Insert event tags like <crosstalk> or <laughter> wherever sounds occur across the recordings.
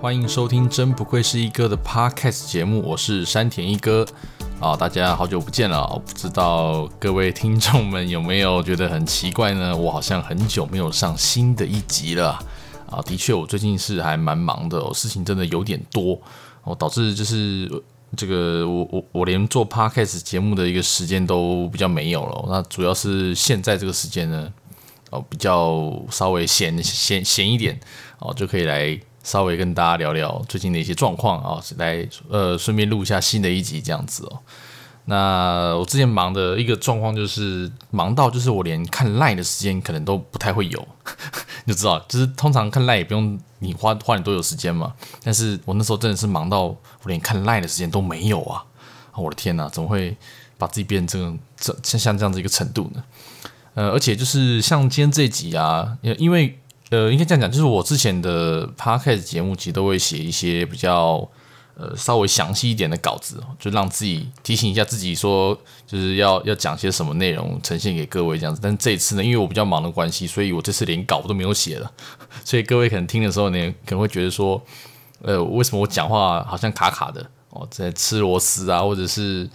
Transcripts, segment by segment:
歡迎收聽《真不愧是一哥》的 Podcast 節目，我是山田一哥啊，大家好久不見了。我不知道各位聽眾們有沒有覺得很奇怪呢？我好像很久沒有上新的一集了啊。的確，我最近是還蠻忙的哦，事情真的有點多我、哦、導致就是這個我我我連做 Podcast 節目的一個時間都比較沒有了。那主要是現在這個時間呢，哦，比較稍微閒閒閒、閒一點哦，就可以來。稍微跟大家聊聊最近的一些狀況啊，來呃，順便錄一下新的一集這樣子哦、喔。那我之前忙的一個狀況就是忙到，就是我連看賴的時間可能都不太會有， <laughs> 你就知道，就是通常看賴也不用你花花你多久時間嘛。但是我那時候真的是忙到我連看賴的時間都沒有啊！啊我的天哪、啊，怎麼會把自己變成這這像像這樣子一個程度呢？呃，而且就是像今天這集啊，因為。呃，應該這樣講，就是我之前的 podcast 節目其實都會寫一些比較呃稍微詳細一點的稿子，就讓自己提醒一下自己說，說就是要要講些什麼內容呈現給各位這樣子。但這一次呢，因為我比較忙的關係，所以我這次連稿都沒有寫了，所以各位可能聽的時候呢，可能會覺得說，呃，為什麼我講話好像卡卡的哦，在吃螺絲啊，或者是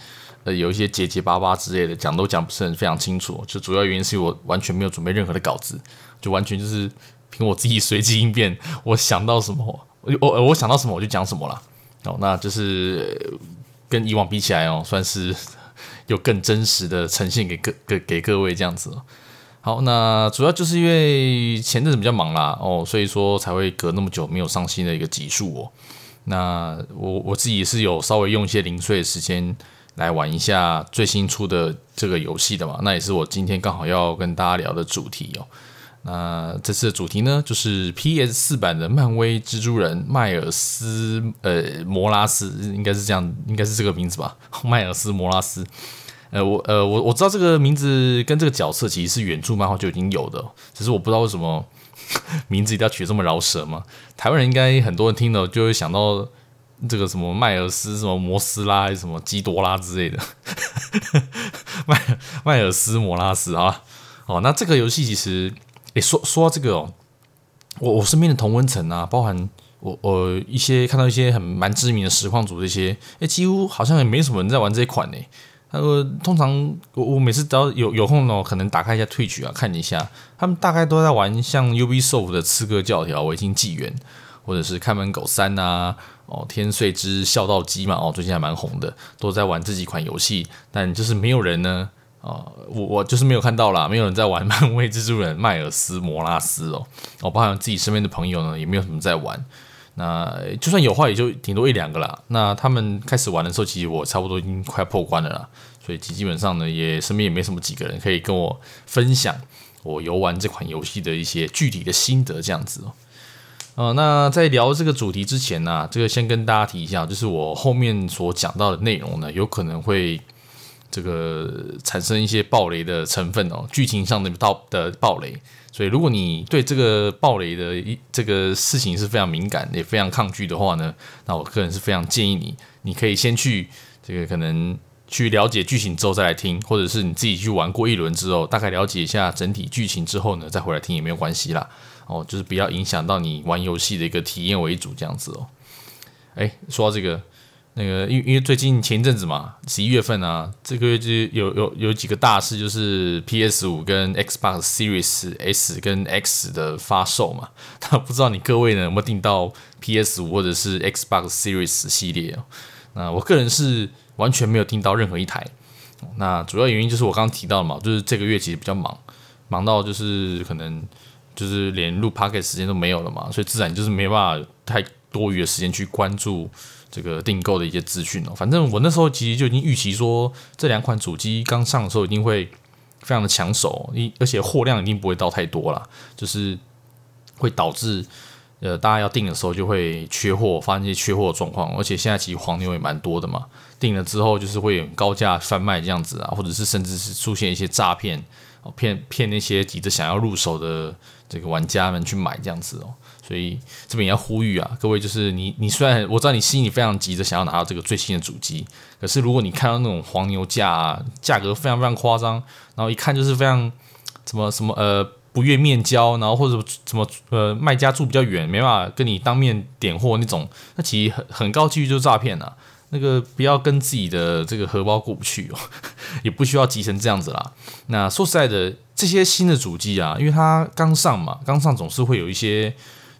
呃有一些結結巴巴之類的，講都講不是很非常清楚。就主要原因是我完全沒有準備任何的稿子，就完全就是。我自己隨機應變，我想到什麼，我我，我想到什麼我就講什麼啦。哦，那就是跟以往比起來哦，算是有更真實的呈現給各各給，給各位這樣子，哦。好，那主要就是因為前陣子比較忙啦，哦，所以說才會隔那麼久沒有上新的一個集數哦。那我我自己是有稍微用一些零碎的時間來玩一下最新出的這個遊戲的嘛，那也是我今天剛好要跟大家聊的主題哦。那、呃、這次的主題呢，就是 PS4 版的漫威蜘蛛人邁爾斯，呃，摩拉斯應該是這樣，應該是這個名字吧，邁爾斯摩拉斯，呃，我呃我我知道這個名字跟這個角色其實是原著漫畫就已經有的，只是我不知道為什麼名字一定要取這麼饒舌嘛。台灣人應該很多人聽了就會想到這個什麼邁爾斯什麼摩斯拉，什麼基多拉之類的，邁 <laughs> 邁爾斯摩拉斯啊，哦，那這個遊戲其實。誒，說說到這個哦，我我身邊的同溫層啊，包含我我一些看到一些很蠻知名的實況組這些，哎，幾乎好像也沒什麼人在玩這一款呢。他、呃、說，通常我我每次只要有有空呢，可能打開一下 Twitch 啊，看一下，他們大概都在玩像 Ubisoft 的《刺客教條》、《維京紀元》，或者是《看門狗三》啊，哦，天《天穗之咲稻姬》嘛，哦，最近還蠻紅的，都在玩這幾款遊戲，但就是沒有人呢。啊，我、哦、我就是沒有看到啦。沒有人在玩漫威蜘蛛人邁爾斯摩拉斯哦，我、哦、包含自己身邊的朋友呢，也沒有什麼在玩。那就算有話，也就頂多一兩個啦。那他們開始玩的時候，其實我差不多已經快破關了啦，所以基基本上呢，也身邊也沒什麼幾個人可以跟我分享我遊玩這款遊戲的一些具體的心得這樣子哦。呃，那在聊這個主題之前呢、啊，這個先跟大家提一下，就是我後面所講到的內容呢，有可能會。這個產生一些爆雷的成分哦，劇情上的到的爆雷，所以如果你對這個爆雷的一這個事情是非常敏感，也非常抗拒的話呢，那我個人是非常建議你，你可以先去這個可能去了解劇情之後再來聽，或者是你自己去玩過一輪之後，大概了解一下整體劇情之後呢，再回來聽也沒有關係啦。哦，就是不要影響到你玩遊戲的一個體驗為主這樣子哦。哎，說到這個。那個，因因為最近前一陣子嘛，十一月份啊，這個月就有有有幾個大事，就是 P S 五跟 Xbox Series S 跟 X 的發售嘛。他不知道你各位呢，有沒有訂到 P S 五或者是 Xbox Series 系列哦？那我個人是完全沒有訂到任何一台。那主要原因就是我剛剛提到的嘛，就是這個月其實比較忙，忙到就是可能就是連錄 p o c k e t 時間都沒有了嘛，所以自然就是沒辦法有太多餘的時間去關注。這個訂購的一些資訊哦，反正我那時候其實就已經預期說，這兩款主機剛上的時候一定會非常的搶手，而且貨量一定不會到太多啦，就是會導致呃大家要訂的時候就會缺貨，發生一些缺貨的狀況，而且現在其實黃牛也蠻多的嘛，訂了之後就是會有高價販賣這樣子啊，或者是甚至是出現一些詐騙哦，騙騙那些急着想要入手的這個玩家們去買這樣子哦。所以這邊也要呼籲啊，各位，就是你你雖然我知道你心裡非常急着想要拿到這個最新的主機，可是如果你看到那種黃牛價啊，價格非常非常誇張，然後一看就是非常什麼，什麼呃不願面交，然後或者什麼呃賣家住比較遠，沒辦法跟你當面點貨那種，那其實很很高幾率就是詐騙了。那個不要跟自己的這個荷包過不去哦呵呵，也不需要急成這樣子啦。那說實在的，這些新的主機啊，因為它剛上嘛，剛上總是會有一些。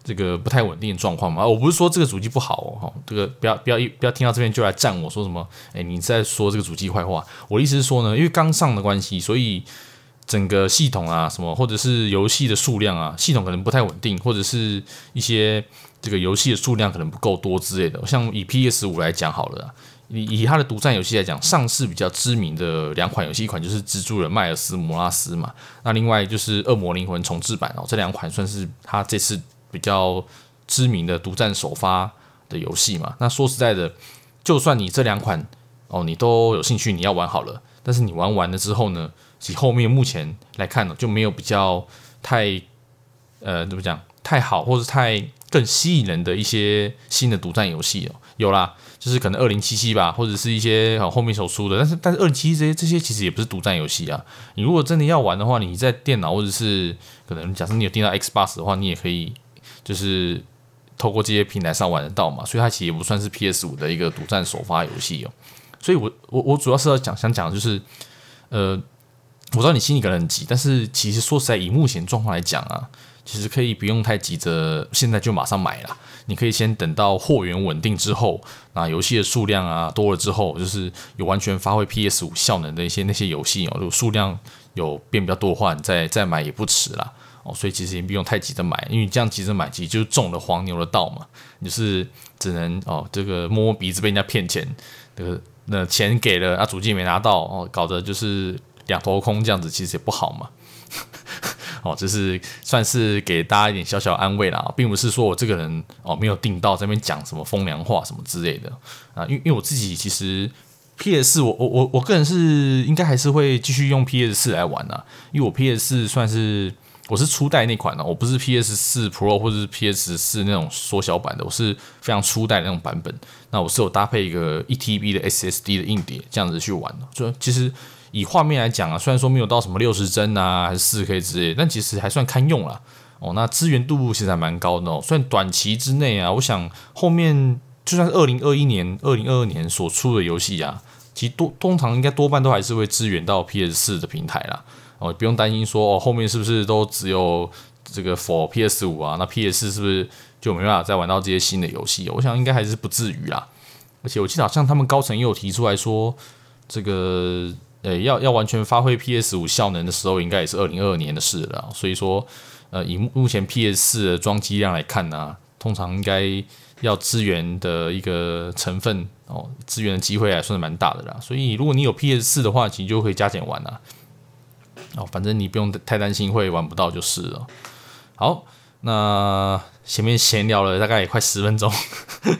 這個不太穩定的狀況嘛。我不是說這個主機不好哦，這個不要不要不要聽到這邊就來贊。我說什麼？哎，你在說這個主機壞話？我的意思是說呢，因為剛上的關係，所以整個系統啊，什麼或者是遊戲的數量啊，系統可能不太穩定，或者是一些這個遊戲的數量可能不夠多之類的。像以 PS5 來講好了，以以它的獨佔遊戲來講，上市比較知名的兩款遊戲，一款就是《蜘蛛人：邁爾斯·摩拉斯》嘛，那另外就是《惡魔靈魂》重製版哦，這兩款算是它這次，比較知名的獨占首發的遊戲嘛？那說實在的，就算你這兩款哦，你都有興趣，你要玩好了。但是你玩完了之後呢？其後面目前來看呢，哦，就沒有比較太呃，怎麼講？太好，或者太更吸引人的一些新的獨占遊戲哦。有啦，就是可能二零七七吧，或者是一些後面手出的。但是，但是二零七七這些這些其實也不是獨占遊戲啊。你如果真的要玩的話，你在電腦或者是可能假設你有訂到 Xbox 的話，你也可以。就是透過這些平台上玩得到嘛，所以它其實也不算是 PS 五的一個獨佔首發遊戲哦。所以我我我主要是要講，想講就是，呃，我知道你心裡可能很急，但是其實說實在，以目前狀況來講啊，其實可以不用太急着現在就馬上買了。你可以先等到貨源穩定之後，啊，遊戲的數量啊多了之後，就是有完全發揮 PS 五效能的一些那些遊戲哦，就數量有變比較多的話，你再再買也不遲了。哦，所以其實也不用太急着買，因為你這樣急着買，就中了黃牛的道嘛。你、就是只能哦，這個摸摸鼻子被人家騙錢，那、這個那錢給了啊，主機也沒拿到哦，搞得就是兩頭空這樣子，其實也不好嘛。呵呵哦，這、就是算是給大家一點小小安慰啦，並不是說我這個人哦沒有訂到，在那邊講什麼風涼話什麼之類的啊。因為因為我自己其實 PS 我我我我個人是應該還是會繼續用 PS 四來玩啦，因為我 PS 四算是。我是初代那款的，喔，我不是 P S 四 Pro 或者是 P S 四那種縮小版的，我是非常初代的那種版本。那我是有搭配一個一 T B 的 S S D 的硬碟這樣子去玩，喔，所以其實以畫面來講啊，雖然說沒有到什麼六十幀啊，還是四 K 之類的，但其實還算堪用了哦，喔。那支援度其實還蠻高的，喔，雖然短期之內啊，我想後面就算是二零二一年，二零二二年所出的遊戲啊，其實多通常應該多半都還是會支援到 P S 四的平台啦。哦，不用擔心說哦，後面是不是都只有這個 For PS 五啊？那 PS 四是不是就沒辦法再玩到這些新的遊戲？我想應該還是不至於啦。而且我記得好像他們高層也有提出來說，這個呃、欸、要要完全發揮 PS 五效能的時候，應該也是二零二二年的事了。所以說，呃，以目前 PS 四的裝機量來看呢、啊，通常應該要支援的一個成分哦，支援的機會還算是蠻大的啦。所以如果你有 PS 四的話，其實就可以加減玩啦。哦，反正你不用太擔心會玩不到就是了。好，那前面閒聊了大概也快十分鐘，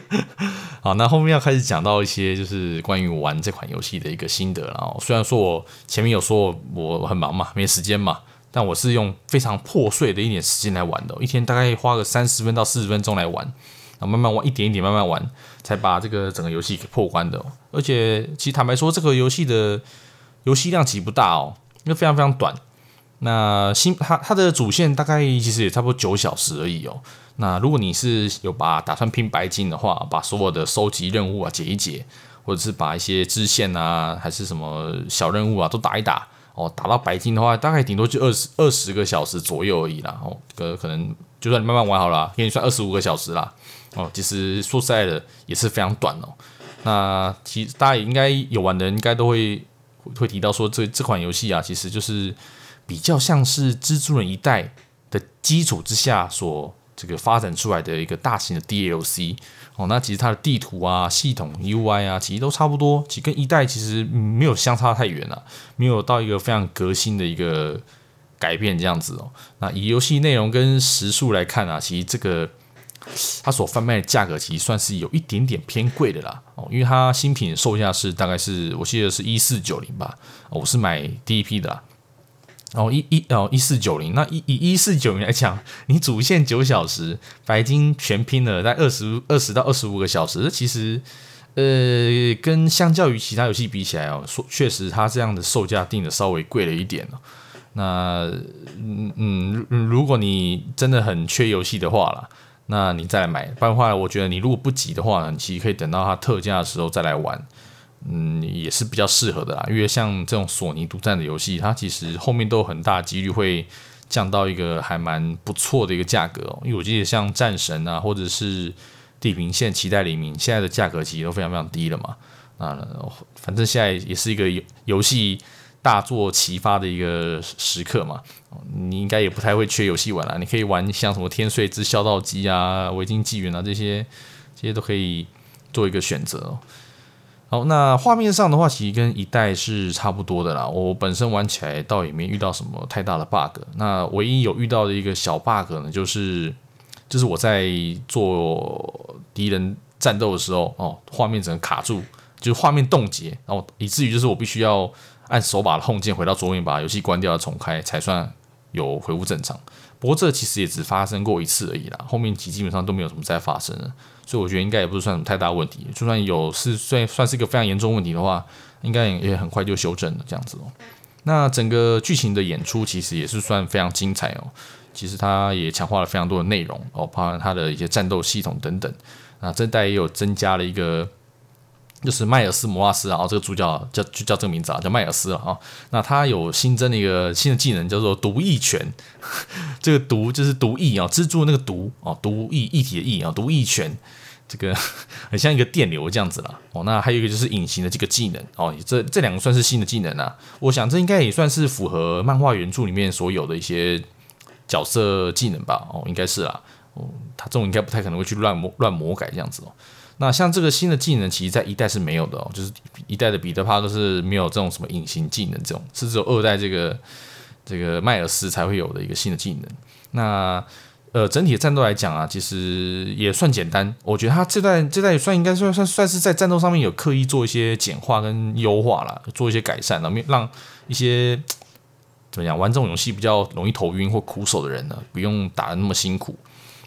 <laughs> 好，那後面要開始講到一些就是關於玩這款遊戲的一個心得了。雖然說我前面有說我很忙嘛，沒時間嘛，但我是用非常破碎的一點時間來玩的，哦，一天大概花個三十分到四十分鐘來玩，然後慢慢玩，一點一點慢慢玩，才把這個整個遊戲給破關的，哦。而且，其實坦白說，這個遊戲的遊戲量其實不大哦。就非常非常短，那新它它的主線大概其實也差不多九小時而已哦。那如果你是有把打算拼白金的話，把所有的收集任務啊解一解，或者是把一些支線啊，還是什麼小任務啊都打一打哦，打到白金的話，大概頂多就二十二十個小時左右而已啦。哦，可、這個、可能就算你慢慢玩好了，給你算二十五個小時啦。哦，其實說實在的也是非常短哦。那其實大家也應該有玩的人，應該都會。會提到說這，這這款遊戲啊，其實就是比較像是蜘蛛人一代的基礎之下所這個發展出來的一個大型的 DLC 哦。那其實它的地圖啊、系統 UI 啊，其實都差不多，其實跟一代其實沒有相差太遠了啊，沒有到一個非常革新的一個改變這樣子哦。那以遊戲內容跟時數來看啊，其實這個。它所販賣的價格其實算是有一點點偏貴的啦哦，因為它新品售價是大概是我記得是一四九零吧，哦，我是買第一批的啦，哦一一哦一四九零，90，那一以一四九零來講，你主線九小時，白金全拼了，在二十二十到二十五個小時，其實呃跟相較於其他遊戲比起來哦，確實它這樣的售價定的稍微貴了一點，哦，那嗯嗯如果你真的很缺遊戲的話啦。那你再買，不然的話，我覺得你如果不急的話呢，你其實可以等到它特價的時候再來玩，嗯，也是比較適合的啦。因為像這種索尼獨佔的遊戲，它其實後面都有很大幾率會降到一個還蠻不錯的一個價格哦。因為我記得像《戰神》啊，或者是《地平線：期待黎明》現在的價格其實都非常非常低了嘛。那反正現在也是一個遊遊戲。大作齊發的一個時刻嘛，你應該也不太會缺遊戲玩啦。你可以玩像什麼《天穗之咲稻姬》啊，《維京紀元》啊這些，這些都可以做一個選擇。好，那畫面上的話，其實跟一代是差不多的啦。我本身玩起來倒也沒遇到什麼太大的 bug。那唯一有遇到的一個小 bug 呢，就是就是我在做敵人戰鬥的時候，哦，畫面只能卡住，就是畫面凍結，然後以至於就是我必須要，按手把的 home 鍵回到桌面，把遊戲關掉，重開才算有恢復正常。不過這其實也只發生過一次而已啦，後面幾基本上都沒有什麼再發生了，所以我覺得應該也不是算什麼太大問題。就算有是算算是一個非常嚴重問題的話，應該也很快就修正了這樣子哦。那整個劇情的演出其實也是算非常精彩哦，其實它也強化了非常多的內容哦，包含它的一些戰鬥系統等等，那這代也有增加了一個。就是邁爾斯·摩拉斯，然後這個主角叫就叫這個名字啊，叫邁爾斯了啊。那他有新增的一個新的技能，叫做毒液拳。這個毒就是毒液啊，蜘蛛那個毒哦，毒液液體的液啊，毒液拳。這個很像一個電流這樣子了哦。那還有一個就是隱形的這個技能哦，這這兩個算是新的技能啊。我想這應該也算是符合漫畫原著裡面所有的一些角色技能吧。哦，應該是啊。哦，他這種應該不太可能會去亂魔亂魔改這樣子哦。那像這個新的技能，其實在一代是沒有的哦，就是一代的彼得帕都是沒有這種什麼隱形技能，這種是只有二代這個這個邁爾斯才會有的一個新的技能。那呃，整體的戰鬥來講啊，其實也算簡單。我覺得他這代這代也算應該算算算是在戰鬥上面有刻意做一些簡化跟優化啦，做一些改善，讓讓一些怎麼樣玩這種遊戲比較容易頭暈或苦手的人呢、啊，不用打得那麼辛苦。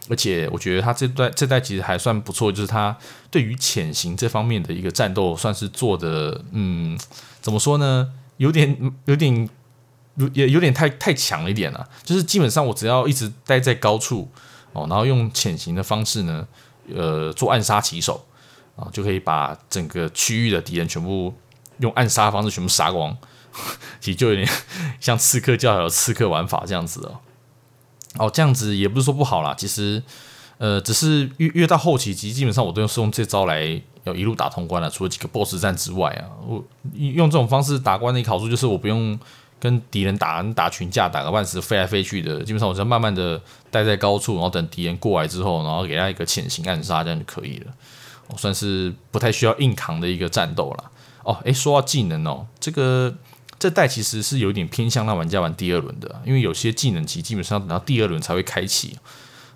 而且我覺得他這段這代其實還算不錯，就是他對於潛行這方面的一個戰鬥算是做的，嗯，怎麼說呢？有點有點有也有點太太強了一點了，啊。就是基本上我只要一直待在高處哦，然後用潛行的方式呢，呃，做暗殺棋手啊，哦，就可以把整個區域的敵人全部用暗殺的方式全部殺光，其實就有點像刺客教條，還有刺客玩法這樣子哦。哦，這樣子也不是說不好啦，其實，呃，只是越越到後期，其實基本上我都用是用這招來要一路打通關了，除了幾個 BOSS 戰之外啊，我用這種方式打關的一個好處就是我不用跟敵人打打群架，打個半死飛來飛去的，基本上我只要慢慢的待在高處，然後等敵人過來之後，然後給他一個潛行暗殺，這樣就可以了，我、哦、算是不太需要硬扛的一個戰鬥了。哦、誒、欸，說到技能哦，這個。這代其實是有點偏向讓玩家玩第二輪的啊，因為有些技能級基本上等到第二輪才會開啟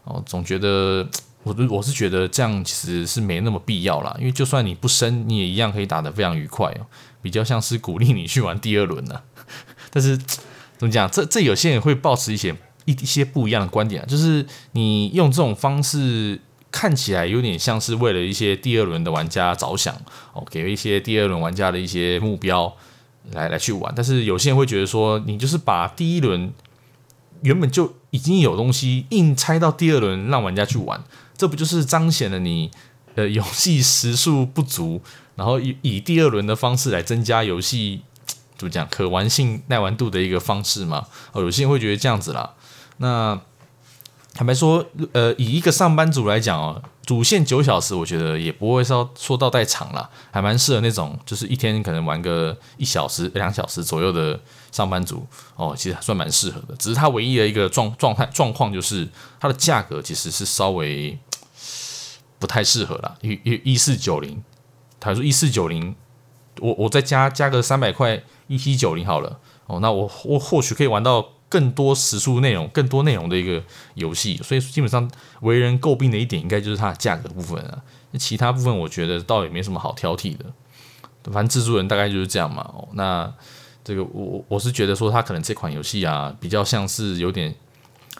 哦。總覺得我我是覺得這樣其實是沒那麼必要啦，因為就算你不升，你也一樣可以打得非常愉快哦。比較像是鼓勵你去玩第二輪呢啊。但是怎麼講？這這有些人會抱持一些一,一些不一樣的觀點啊，就是你用這種方式看起來有點像是為了一些第二輪的玩家着想哦，給一些第二輪玩家的一些目標。來來去玩，但是有些人會覺得說，你就是把第一輪原本就已經有東西硬拆到第二輪，讓玩家去玩，這不就是彰顯了你呃遊戲時數不足，然後以以第二輪的方式來增加遊戲就講可玩性、耐玩度的一個方式嗎？哦，有些人會覺得這樣子啦。那坦白說，呃，以一個上班族來講哦。主線九小時，我覺得也不會說說到太長了，還蠻適合那種，就是一天可能玩個一小時、兩小時左右的上班族哦，其實還算蠻適合的。只是它唯一的一個狀狀態狀況就是它的價格其實是稍微不太適合了，一一一四九零，他說一四九零，我我再加加個三百塊一七九零好了，哦，那我我或許可以玩到。更多時數內容、更多內容的一個遊戲，所以基本上為人詬病的一點，應該就是它的價格部分啊。那其他部分，我覺得倒也沒什麼好挑剔的。反正蜘蛛人大概就是這樣嘛。那這個我我是覺得說，它可能這款遊戲啊，比較像是有點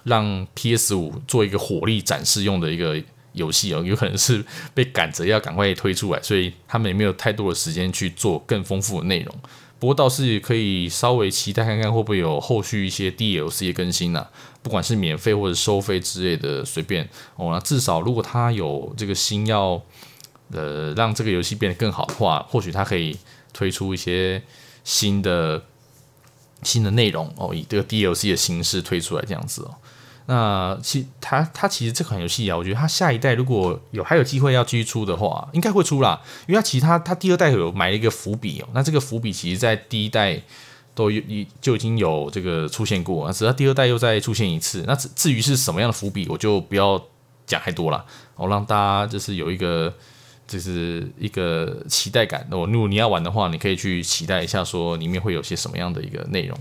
讓 PS 五做一個火力展示用的一個遊戲哦，有可能是被趕着要趕快推出來，所以他們也沒有太多的時間去做更豐富的內容。不過倒是可以稍微期待看看會不會有後續一些 DLC 的更新啊，不管是免費或者收費之類的，隨便哦。那至少如果他有這個心要，呃，讓這個遊戲變得更好的話，或許他可以推出一些新的新的內容哦，以這個 DLC 的形式推出來這樣子哦。那其實它其實這款遊戲啊，我覺得它下一代如果有還有機會要繼續出的話，應該會出啦，因為它其實它第二代有埋一個伏筆哦、喔。那這個伏筆其實，在第一代都已就已經有這個出現過啊，只要第二代又再出現一次。那至至於是什麼樣的伏筆，我就不要講太多了，我讓大家就是有一個就是一個期待感。我如果你要玩的話，你可以去期待一下，說裡面會有些什麼樣的一個內容。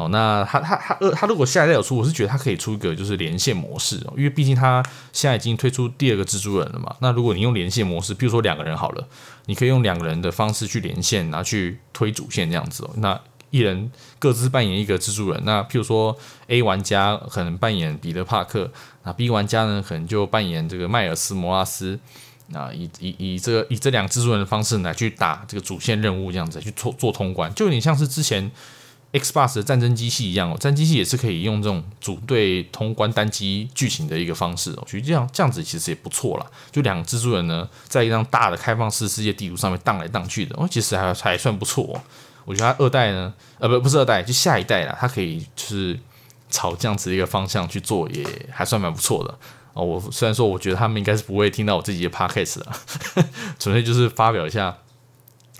哦，那他他他呃，他如果下一代有出，我是覺得他可以出一個就是連線模式哦，因為畢竟他現在已經推出第二個蜘蛛人了嘛。那如果你用連線模式，比如說兩個人好了，你可以用兩個人的方式去連線，然後去推主線這樣子哦。那一人各自扮演一個蜘蛛人，那譬如說 A 玩家可能扮演彼得帕克，那 B 玩家呢可能就扮演這個麥爾斯·摩拉斯。那以以以這個以這兩個蜘蛛人的方式來去打這個主線任務，這樣子來去做做通關，就有點像是之前。Xbox 的戰爭機器一樣哦，戰爭機器也是可以用這種組隊通關單機劇情的一個方式哦，其實這樣這樣子其實也不錯了。就兩個蜘蛛人呢，在一張大的開放式世界地圖上面盪來盪去的，哦，其實還還算不錯，哦。我覺得他二代呢，呃，不，不是二代，就下一代了，它可以就是朝這樣子的一個方向去做，也還算蠻不錯的哦。我雖然說，我覺得他們應該是不會聽到我自己的 podcast 的， <laughs> 純粹就是發表一下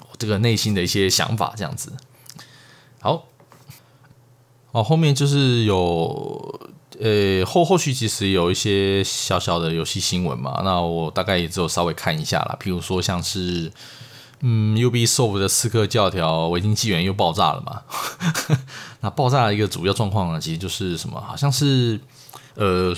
我這個內心的一些想法，這樣子好。哦，後面就是有，呃、欸，後後續其實有一些小小的遊戲新聞嘛，那我大概也只有稍微看一下啦，譬如說像是，嗯 Ubisoft 的《刺客教條：維京紀元》又爆炸了嘛， <laughs> 那爆炸的一個主要狀況呢，其實就是什麼，好像是，呃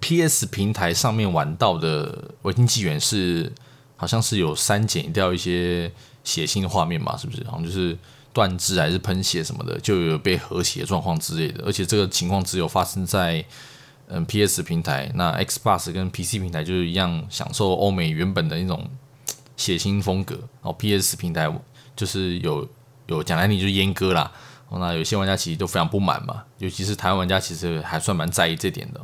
，PS 平台上面玩到的微是《維京紀元》是好像是有刪減掉一些血腥的畫面嘛，是不是？好像就是。斷肢還是噴血什麼的，就有被和諧狀況之類的，而且這個情況只有發生在嗯 PS 平台，那 Xbox 跟 PC 平台就是一樣享受歐美原本的那種血腥風格。哦，PS 平台就是有有講來你就閹割啦，那有些玩家其實都非常不滿嘛，尤其是台灣玩家其實還算蠻在意這點的，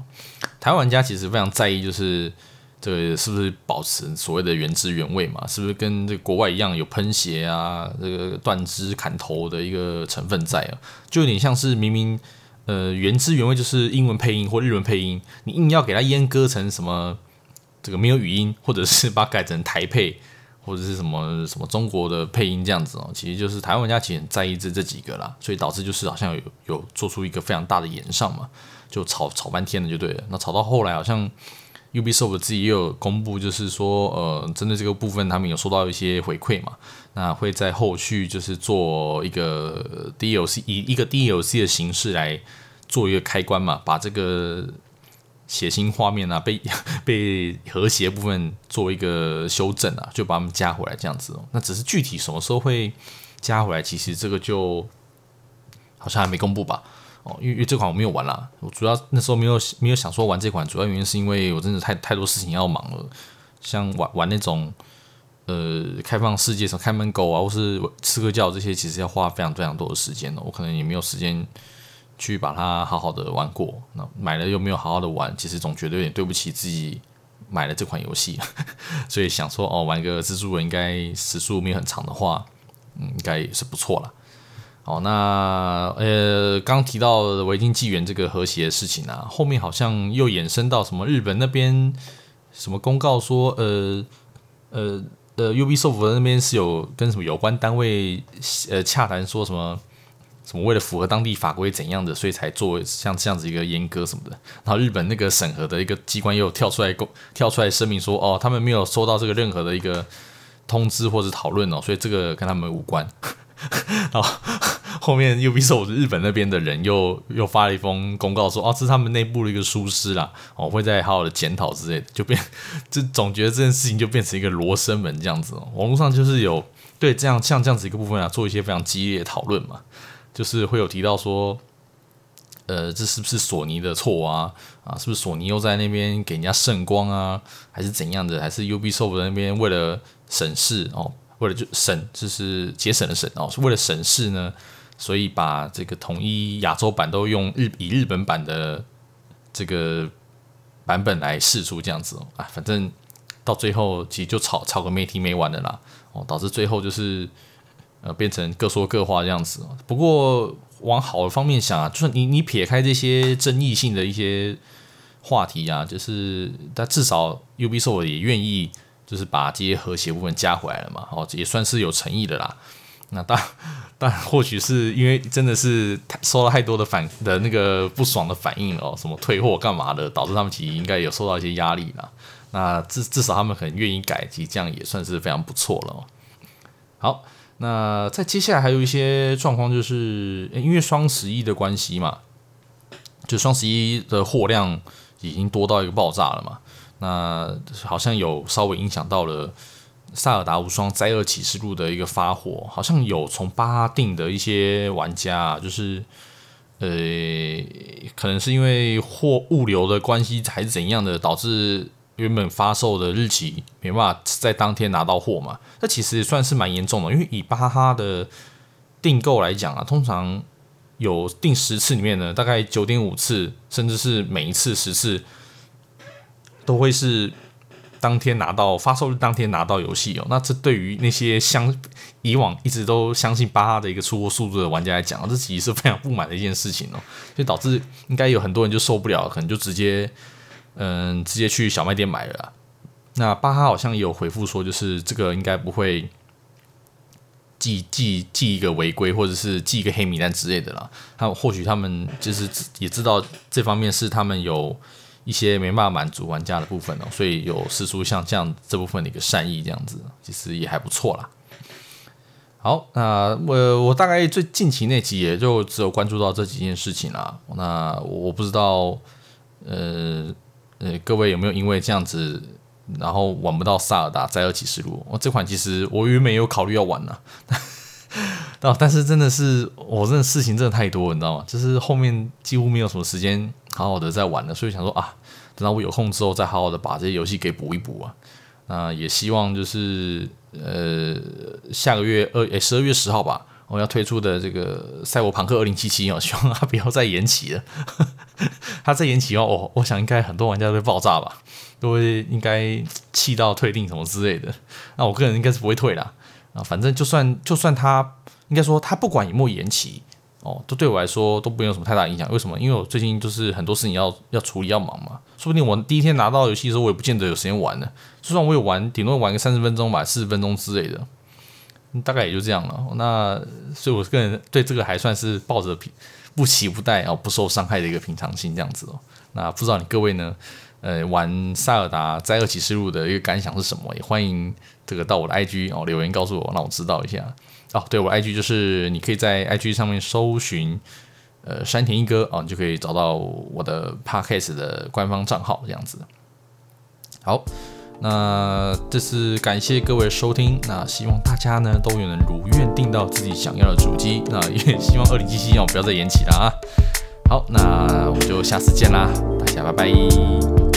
台灣玩家其實非常在意就是。這是不是保持所謂的原汁原味嘛？是不是跟這個國外一樣有噴血啊、這個斷肢砍頭的一個成分在啊？就有點像是明明呃原汁原味就是英文配音或日文配音，你硬要給它閹割成什麼這個沒有語音，或者是把它改成台配或者是什麼什麼中國的配音這樣子哦？其實就是台灣玩家其實很在意這這幾個啦，所以導致就是好像有有做出一個非常大的炎上嘛，就吵吵半天了就對了。那吵到後來好像。Ubisoft 自己也有公布，就是說，呃，針對這個部分，他們有收到一些回饋嘛，那會在後續就是做一個 DLC，以一個 DLC 的形式來做一個開關嘛，把這個血腥畫面啊，被被和諧部分做一個修正啊，就把他們加回來這樣子，哦。那只是具體什麼時候會加回來，其實這個就好像還沒公布吧。哦，因為因為這款我沒有玩啦，我主要那時候沒有沒有想說玩這款，主要原因是因為我真的太太多事情要忙了，像玩玩那種呃開放世界上《看門狗》啊，或是《刺客教條》這些，其實要花非常非常多的時間了，我可能也沒有時間去把它好好的玩過。那買了又沒有好好的玩，其實總覺得有點對不起自己買了這款遊戲，所以想說哦，玩一個蜘蛛人，應該時數沒有很長的話，嗯，應該也是不錯了。哦，那呃，剛提到《維京紀元》這個和諧的事情啊，後面好像又衍生到什麼日本那邊什麼公告說，呃呃呃 Ubisoft 那邊是有跟什麼有關單位呃洽談，說什麼什麼為了符合當地法規怎樣的，所以才做像這樣子一個閹割什麼的。然後日本那個審核的一個機關又跳出來公跳出來聲明說，哦，他們沒有收到這個任何的一個通知或者討論哦，所以這個跟他們無關。 <laughs> 好。後面 Ubisoft 日本那邊的人又又發了一封公告說，哦、啊，這是他們內部的一個疏失啦，哦，會在好好的檢討之類的，就變，就總覺得這件事情就變成一個羅生門這樣子、哦。網絡上就是有對這樣像這樣子一個部分啊，做一些非常激烈的討論嘛，就是會有提到說，呃，這是不是索尼的錯啊？啊，是不是索尼又在那邊給人家聖光啊？還是怎樣的？還是 Ubisoft 那邊為了省事哦，為了就省就是節省了省哦，是為了省事呢？所以把這個統一亞洲版都用日以日本版的這個版本來釋出這樣子哦啊，反正到最後其實就吵吵個沒停沒完的啦哦，導致最後就是呃變成各說各話這樣子哦。不過往好的方面想啊，就是你你撇開這些爭議性的一些話題啊，就是但至少 Ubisoft 也願意就是把這些和諧部分加回來了嘛，哦，也算是有誠意的啦。那當，當然或許是因為真的是收了太多的反的那個不爽的反應哦、喔，什麼退貨幹嘛的，導致他們其實應該有受到一些壓力了。那至至少他們很願意改進，其實這樣也算是非常不錯了、喔。好，那再接下來還有一些狀況，就是、欸、因為雙十一的關係嘛，就雙十一的貨量已經多到一個爆炸了嘛，那好像有稍微影響到了。《塞爾達無雙：災厄啟示錄》的一個發貨，好像有從巴哈訂的一些玩家，就是呃，可能是因為貨物流的關係還是怎樣的，導致原本發售的日期沒辦法在當天拿到貨嘛。那其實也算是蠻嚴重的，因為以巴哈的訂購來講啊，通常有訂十次裡面呢，大概九點五次，甚至是每一次十次都會是。當天拿到發售日當天拿到遊戲哦，那這對於那些相以往一直都相信巴哈的一個出貨速度的玩家來講，喔，這其實是非常不滿的一件事情哦，喔，就導致應該有很多人就受不了，可能就直接嗯直接去小賣店買了。那巴哈好像也有回復說，就是這個應該不會記、記、記一個違規或者是記一個黑名單之類的啦。他或許他們就是也知道這方面是他們有。一些沒辦法滿足玩家的部分呢、哦，所以有釋出像這樣這部分的一個善意，這樣子其實也還不錯啦。好，那、呃、我我大概最近期那集也就只有關注到這幾件事情啦。那我不知道，呃呃，各位有沒有因為這樣子，然後玩不到薩爾達爾、哦《薩爾達：災厄啟示錄》。我這款其實我原本有考慮要玩了、啊、但 <laughs> 但是真的是，我、哦、真的事情真的太多，你知道嗎？就是後面幾乎沒有什麼時間。好好的在玩的，所以想說啊，等到我有空之後再好好的把這些遊戲給補一補啊。那也希望就是呃，下個月二誒十二月十號吧，我、哦、要推出的這個賽博朋克二零七七啊，希望它不要再延期了。它 <laughs> 再延期哦，我想應該很多玩家都會爆炸吧，都會應該氣到退訂什麼之類的。那我個人應該是不會退啦啊，反正就算就算他應該說他不管有沒有延期。哦，都對我來說都不用有什麼太大影響，為什麼？因為我最近就是很多事情要要處理要忙嘛，說不定我第一天拿到的遊戲的時候，我也不見得有時間玩呢。就算我有玩，頂多玩個三十分鐘吧，四十分鐘之類的，嗯，大概也就這樣了。那所以，我個人對這個還算是抱着平不期不待哦，不受傷害的一個平常心這樣子哦。那不知道你各位呢，呃，玩《塞爾達：災厄啟示錄》的一個感想是什麼？也歡迎這個到我的 IG 哦留言告訴我，讓我知道一下。哦，對，我 IG 就是你可以在 IG 上面搜尋，呃，山田一哥，哦，你就可以找到我的 Podcast 的官方賬號這樣子。好，那這次感謝各位的收聽，那希望大家呢都有能如願訂到自己想要的主機，那也希望二零七七讓我不要再延期了啊。好，那我們就下次見啦，大家拜拜。